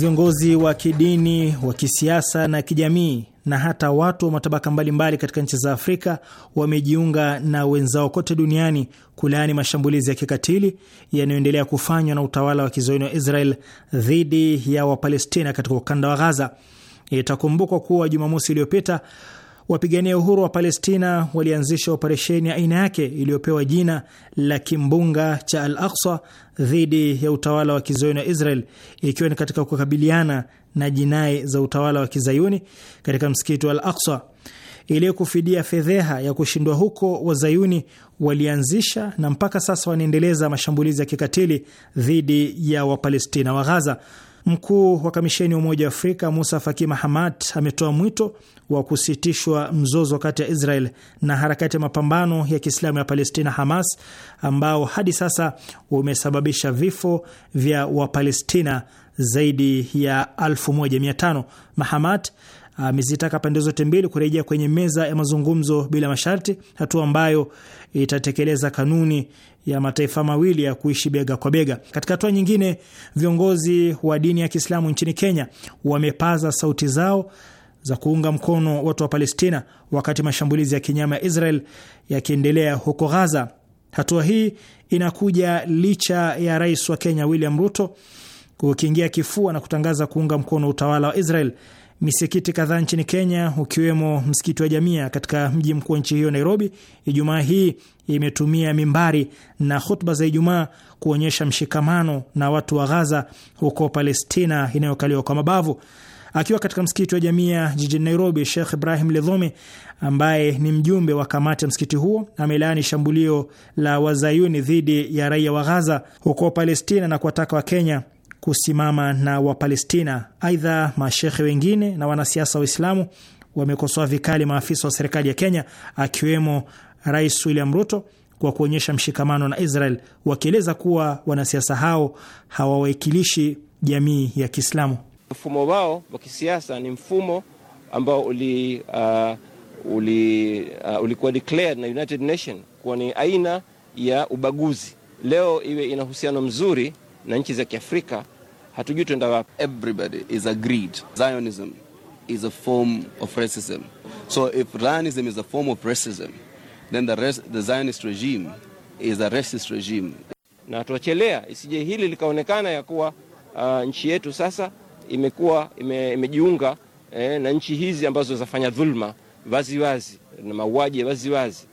Viongozi wa kidini, wa kisiasa na kijamii na hata watu wa matabaka mbalimbali katika nchi za Afrika wamejiunga na wenzao kote duniani kulaani mashambulizi ya kikatili yanayoendelea kufanywa na utawala wa kizoeni wa Israel dhidi ya Wapalestina katika ukanda wa Ghaza. Itakumbukwa kuwa Jumamosi iliyopita Wapigania uhuru wa Palestina walianzisha operesheni ya aina yake iliyopewa jina la kimbunga cha Al aksa dhidi ya utawala wa kizayuni wa Israel, ikiwa ni katika kukabiliana na jinai za utawala wa kizayuni katika msikiti wa Al Aksa. Ili kufidia fedheha ya kushindwa huko, wazayuni walianzisha na mpaka sasa wanaendeleza mashambulizi ya kikatili dhidi ya Wapalestina wa Ghaza. Mkuu wa kamisheni ya Umoja wa Afrika Musa Faki Mahamat ametoa mwito wa kusitishwa mzozo kati ya Israel na harakati ya mapambano ya Kiislamu ya Palestina, Hamas, ambao hadi sasa umesababisha vifo vya Wapalestina zaidi ya 1500. Mahamat amezitaka ah, pande zote mbili kurejea kwenye meza ya mazungumzo bila masharti, hatua ambayo itatekeleza kanuni ya mataifa mawili ya kuishi bega kwa bega. Katika hatua nyingine, viongozi wa dini ya Kiislamu nchini Kenya wamepaza sauti zao za kuunga mkono watu wa Palestina wakati mashambulizi ya kinyama ya Israel yakiendelea huko Gaza. Hatua hii inakuja licha ya rais wa Kenya William Ruto kukiingia kifua na kutangaza kuunga mkono utawala wa Israel misikiti kadhaa nchini Kenya, ukiwemo msikiti wa Jamia katika mji mkuu wa nchi hiyo Nairobi, Ijumaa hii imetumia mimbari na hutuba za Ijumaa kuonyesha mshikamano na watu wa Ghaza huko Palestina inayokaliwa kwa mabavu. Akiwa katika msikiti wa Jamia jijini Nairobi, Sheikh Ibrahim Ledhome ambaye ni mjumbe wa kamati ya msikiti huo amelaani shambulio la wazayuni dhidi ya raia wa Ghaza huko Palestina na kuwataka Wakenya kusimama na Wapalestina. Aidha, mashehe wengine na wanasiasa Waislamu wamekosoa vikali maafisa wa serikali ya Kenya, akiwemo Rais William Ruto kwa kuonyesha mshikamano na Israel, wakieleza kuwa wanasiasa hao hawawakilishi jamii ya Kiislamu. Mfumo wao wa kisiasa ni mfumo ambao uli, uh, uli, uh, ulikuwa declared na United Nation kuwa ni aina ya ubaguzi. Leo iwe ina uhusiano mzuri na nchi za Kiafrika hatujui tuenda wapi. Everybody is agreed Zionism is a form of racism. So if Zionism is a form of racism, then the, res the Zionist regime is a racist regime. Na tuachelea isije hili likaonekana ya kuwa uh, nchi yetu sasa imekuwa ime, imejiunga eh, na nchi hizi ambazo zafanya dhulma waziwazi na mauaji ya waziwazi.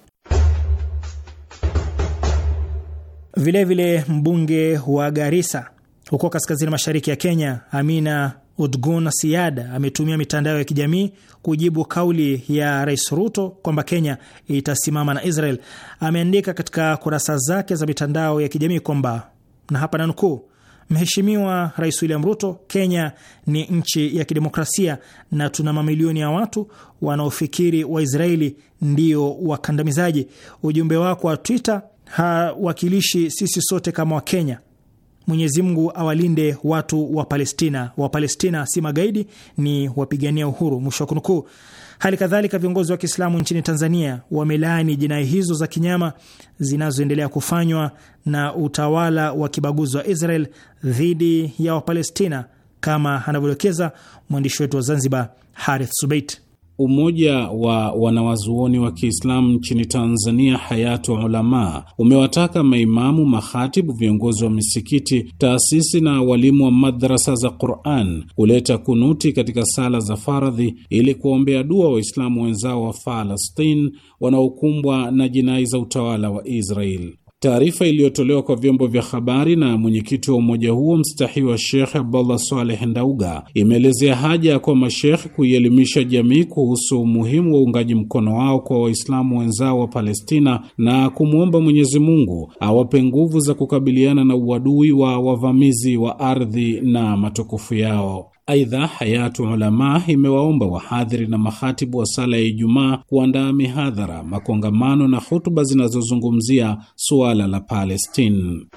Vilevile vile mbunge wa garisa huko kaskazini mashariki ya Kenya, Amina Odgun Siada ametumia mitandao ya kijamii kujibu kauli ya Rais Ruto kwamba Kenya itasimama na Israel. Ameandika katika kurasa zake za mitandao ya kijamii kwamba, na hapa nanukuu, Mheshimiwa Rais William Ruto, Kenya ni nchi ya kidemokrasia na tuna mamilioni ya watu wanaofikiri Waisraeli ndio wakandamizaji. Ujumbe wako wa Twitter hawakilishi sisi sote kama Wakenya. Mwenyezi Mungu awalinde watu wa Palestina. Wapalestina si magaidi, ni wapigania uhuru, mwisho wa kunukuu. Hali kadhalika viongozi wa Kiislamu nchini Tanzania wamelaani jinai hizo za kinyama zinazoendelea kufanywa na utawala wa kibaguzi wa Israel dhidi ya Wapalestina, kama anavyodokeza mwandishi wetu wa Zanzibar, Harith Subeit. Umoja wa wanawazuoni wa Kiislamu nchini Tanzania, Hayatu Ulama, umewataka maimamu, mahatibu, viongozi wa misikiti, taasisi na walimu wa madrasa za Quran kuleta kunuti katika sala za faradhi ili kuwaombea dua Waislamu wenzao wa Falastin wanaokumbwa na jinai za utawala wa Israel. Taarifa iliyotolewa kwa vyombo vya habari na mwenyekiti wa umoja huo mstahiwa Sheikh Abdallah Saleh Ndauga imeelezea haja ya kwa mashekh kuielimisha jamii kuhusu umuhimu wa uungaji mkono wao kwa Waislamu wenzao wa Palestina na kumwomba Mwenyezi Mungu awape nguvu za kukabiliana na uadui wa wavamizi wa ardhi na matukufu yao. Aidha, Hayatu Ulama imewaomba wahadhiri na mahatibu wa sala ya Ijumaa kuandaa mihadhara, makongamano na hutuba zinazozungumzia suala la Palestine.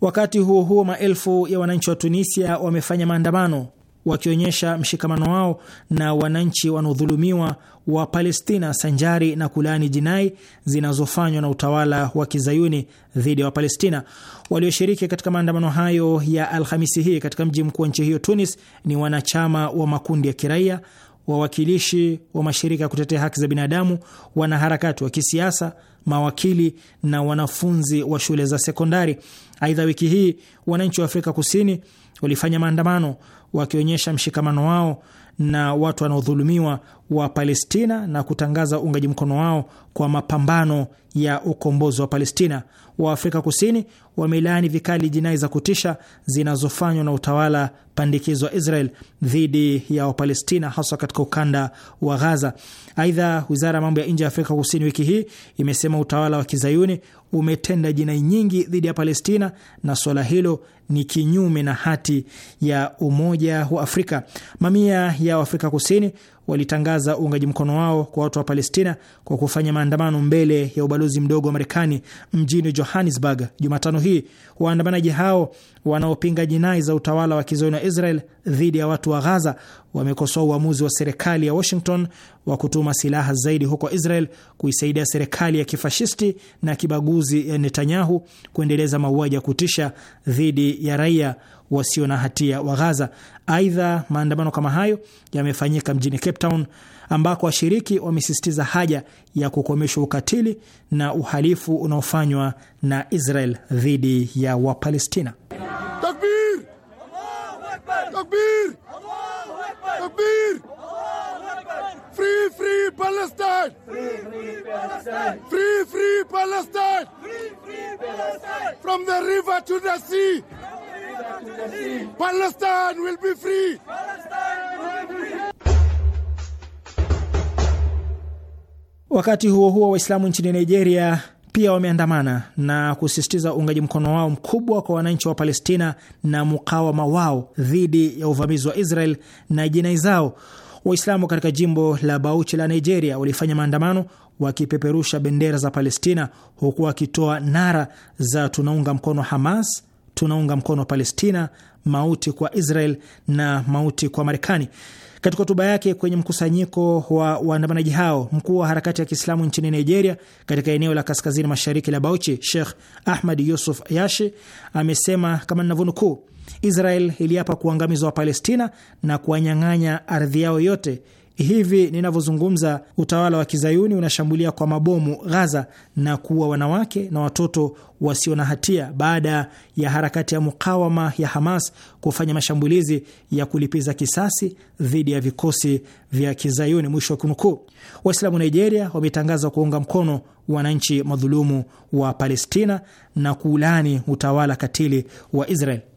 Wakati huo huo, maelfu ya wananchi wa Tunisia wamefanya maandamano wakionyesha mshikamano wao na wananchi wanaodhulumiwa wa Palestina sanjari na kulaani jinai zinazofanywa na utawala wa kizayuni dhidi ya wa Wapalestina. Walioshiriki katika maandamano hayo ya Alhamisi hii katika mji mkuu wa nchi hiyo Tunis ni wanachama wa makundi ya kiraia, wawakilishi wa mashirika ya kutetea haki za binadamu, wanaharakati wa kisiasa, mawakili na wanafunzi wa shule za sekondari. Aidha, wiki hii wananchi wa Afrika Kusini walifanya maandamano wakionyesha mshikamano wao na watu wanaodhulumiwa wa Palestina na kutangaza uungaji mkono wao kwa mapambano ya ukombozi wa Palestina. Waafrika Kusini wamelaani vikali jinai za kutisha zinazofanywa na utawala pandikizo wa Israel dhidi ya Wapalestina, haswa katika ukanda wa Ghaza. Aidha, wizara ya mambo ya nje ya Afrika Kusini wiki hii imesema utawala wa kizayuni umetenda jinai nyingi dhidi ya Palestina na suala hilo ni kinyume na hati ya Umoja wa Afrika. Mamia ya Waafrika Kusini walitangaza uungaji mkono wao kwa watu wa Palestina kwa kufanya maandamano mbele ya ubalozi mdogo wa Marekani mjini Johannesburg Jumatano hii. Waandamanaji hao wanaopinga jinai za utawala wa kizayuni wa Israel dhidi ya watu wa Ghaza wamekosoa uamuzi wa serikali ya Washington wa kutuma silaha zaidi huko Israel kuisaidia serikali ya kifashisti na kibaguzi ya Netanyahu kuendeleza mauaji ya kutisha dhidi ya raia wasio na hatia wa Gaza. Aidha, maandamano kama hayo yamefanyika mjini Cape Town ambako washiriki wamesisitiza haja ya kukomeshwa ukatili na uhalifu unaofanywa na Israel dhidi ya Wapalestina. Takbir! Takbir! Palestine! Free, free Palestine! From the river to the sea! Palestine will be free! Palestine will be free! Wakati huo huo, Waislamu nchini Nigeria pia wameandamana na kusisitiza uungaji mkono wao mkubwa kwa wananchi wa Palestina na mukawama wao dhidi ya uvamizi wa Israel na jinai zao. Waislamu katika jimbo la Bauchi la Nigeria walifanya maandamano wakipeperusha bendera za Palestina huku wakitoa nara za tunaunga mkono Hamas, tunaunga mkono Palestina, mauti kwa Israel na mauti kwa Marekani. Katika hotuba yake kwenye mkusanyiko wa waandamanaji hao, mkuu wa harakati ya Kiislamu nchini Nigeria katika eneo la kaskazini mashariki la Bauchi, Sheikh Ahmad Yusuf Yashi amesema kama ninavyonukuu: Israel iliapa kuangamiza Wapalestina na kuwanyang'anya ardhi yao yote. Hivi ninavyozungumza, utawala wa kizayuni unashambulia kwa mabomu Ghaza na kuua wanawake na watoto wasio na hatia, baada ya harakati ya mukawama ya Hamas kufanya mashambulizi ya kulipiza kisasi dhidi ya vikosi vya kizayuni. Mwisho wa kunukuu. Waislamu Nigeria wametangaza kuunga mkono wananchi madhulumu wa Palestina na kuulani utawala katili wa Israel.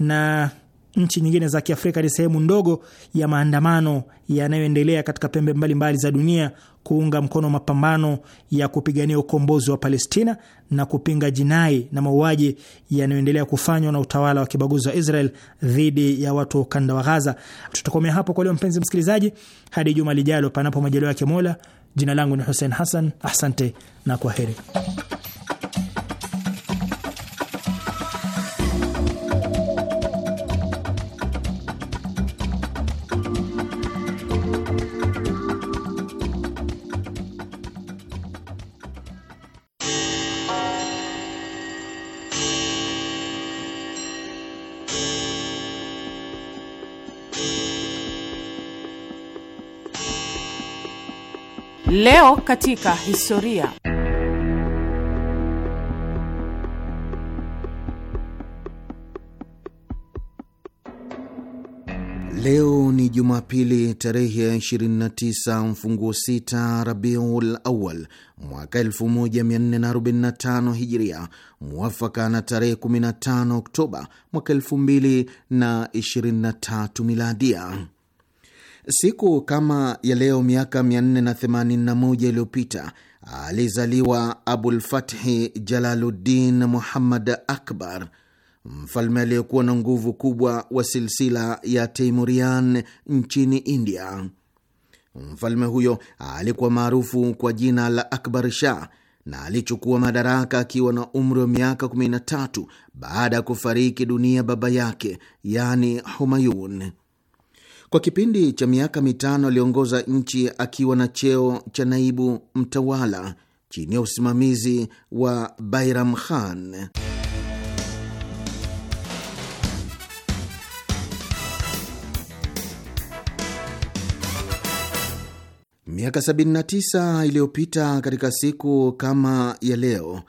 na nchi nyingine za Kiafrika ni sehemu ndogo ya maandamano yanayoendelea katika pembe mbalimbali mbali za dunia kuunga mkono mapambano ya kupigania ukombozi wa Palestina na kupinga jinai na mauaji yanayoendelea kufanywa na utawala wa kibaguzi wa Israel dhidi ya watu wa ukanda wa Gaza. Tutakomea hapo kwa leo, mpenzi msikilizaji, hadi juma lijalo, panapo majaliwa yake Mola. Jina langu ni Hussein Hassan, asante na kwa heri. Leo katika historia. Leo ni Jumapili tarehe ya 29 mfunguo 6 Rabiul Awal mwaka 1445 Hijiria, mwafaka na tarehe 15 Oktoba mwaka 2023 Miladia. Siku kama ya leo miaka 481 iliyopita alizaliwa Abulfathi Jalaluddin Muhammad Akbar, mfalme aliyekuwa na nguvu kubwa wa silsila ya Teimurian nchini India. Mfalme huyo alikuwa maarufu kwa jina la Akbar Shah na alichukua madaraka akiwa na umri wa miaka 13 baada ya kufariki dunia baba yake, yani Humayun. Kwa kipindi cha miaka mitano aliongoza nchi akiwa na cheo cha naibu mtawala chini ya usimamizi wa Bairam Khan. Miaka 79 iliyopita katika siku kama ya leo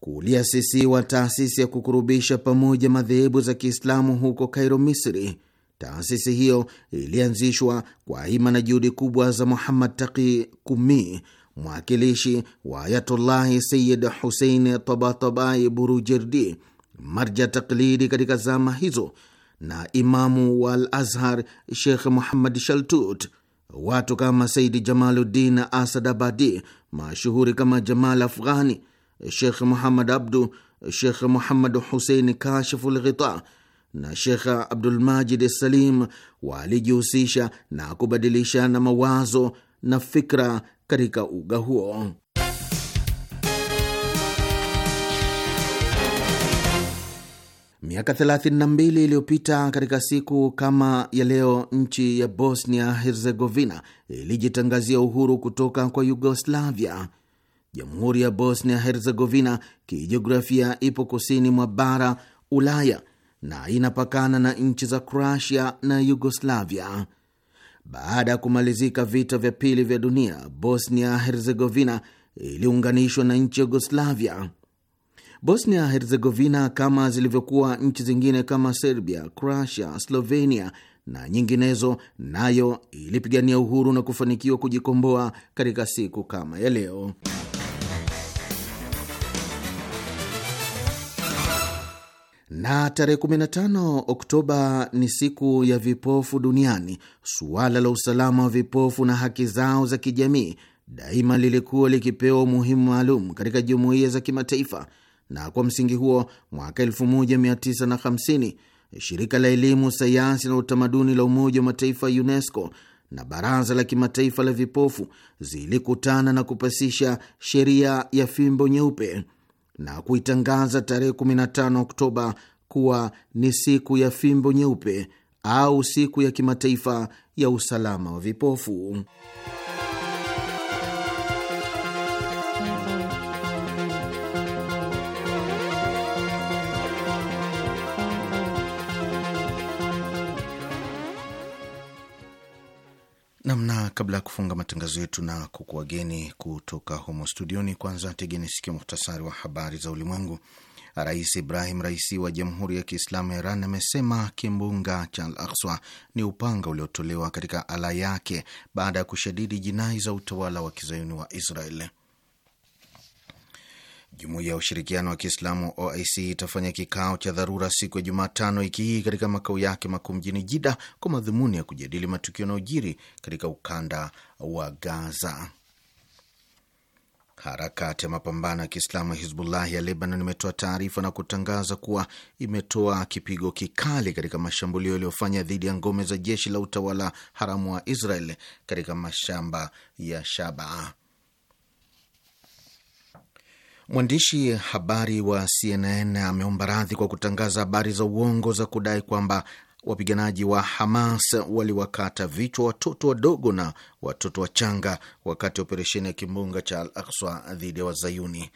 kuliasisiwa taasisi ya kukurubisha pamoja madhehebu za Kiislamu huko Kairo, Misri. Taasisi hiyo ilianzishwa kwa hima na juhudi kubwa za Muhammad Taqi Kumi, mwakilishi wa Ayatullahi Sayid Husein Tabatabai Burujerdi, marja taklidi katika zama hizo, na imamu wa Al Azhar Shekh Muhammad Shaltut. Watu kama Saidi Jamaluddin abadi mashuhuri kama Jamal Afghani, Shekh Muhammad Abdu, Shekh Muhammad Husein Kashiful Ghita na Shekha Abdulmajid Salim walijihusisha na kubadilishana mawazo na fikra katika uga huo. Miaka 32 iliyopita katika siku kama ya leo, nchi ya Bosnia Herzegovina ilijitangazia uhuru kutoka kwa Yugoslavia. Jamhuri ya Bosnia Herzegovina kijiografia ipo kusini mwa bara Ulaya na inapakana na nchi za Kroatia na Yugoslavia. Baada ya kumalizika vita vya pili vya dunia, Bosnia Herzegovina iliunganishwa na nchi ya Yugoslavia. Bosnia Herzegovina, kama zilivyokuwa nchi zingine kama Serbia, Croatia, Slovenia na nyinginezo, nayo ilipigania uhuru na kufanikiwa kujikomboa katika siku kama ya leo. na tarehe 15 Oktoba ni siku ya vipofu duniani. Suala la usalama wa vipofu na haki zao za kijamii daima lilikuwa likipewa umuhimu maalum katika jumuiya za kimataifa, na kwa msingi huo mwaka 1950 shirika la elimu, sayansi na utamaduni la Umoja wa Mataifa UNESCO na Baraza la Kimataifa la Vipofu zilikutana na kupasisha sheria ya fimbo nyeupe na kuitangaza tarehe 15 Oktoba kuwa ni siku ya fimbo nyeupe au siku ya kimataifa ya usalama wa vipofu. namna. Kabla ya kufunga matangazo yetu na kukuwageni kutoka humo studioni, kwanza tegeni sikio muhtasari wa habari za ulimwengu. Rais Ibrahim Raisi wa Jamhuri ya Kiislamu ya Iran amesema kimbunga cha Al Akswa ni upanga uliotolewa katika ala yake baada ya kushadidi jinai za utawala wa kizayuni wa Israeli. Jumuiya ya Ushirikiano wa Kiislamu OIC itafanya kikao cha dharura siku ya Jumatano wiki hii katika makao yake makuu mjini Jida kwa madhumuni ya kujadili matukio yanayojiri katika ukanda wa Gaza. Harakati ya mapambano ya Kiislamu ya Hizbullah ya Lebanon imetoa taarifa na kutangaza kuwa imetoa kipigo kikali katika mashambulio yaliyofanya dhidi ya ngome za jeshi la utawala haramu wa Israel katika mashamba ya Shabaa. Mwandishi habari wa CNN ameomba radhi kwa kutangaza habari za uongo za kudai kwamba wapiganaji wa Hamas waliwakata vichwa watoto wadogo na watoto wachanga wakati wa operesheni ya kimbunga cha Al Akswa dhidi ya Wazayuni.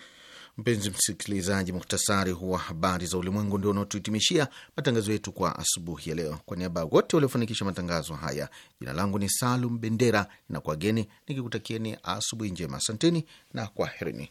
Mpenzi msikilizaji, muktasari huwa habari za ulimwengu ndio unaotuhitimishia matangazo yetu kwa asubuhi ya leo. Kwa niaba ya wote waliofanikisha matangazo haya, jina langu ni Salum Bendera na kwa geni nikikutakieni asubuhi njema. Asanteni na kwaherini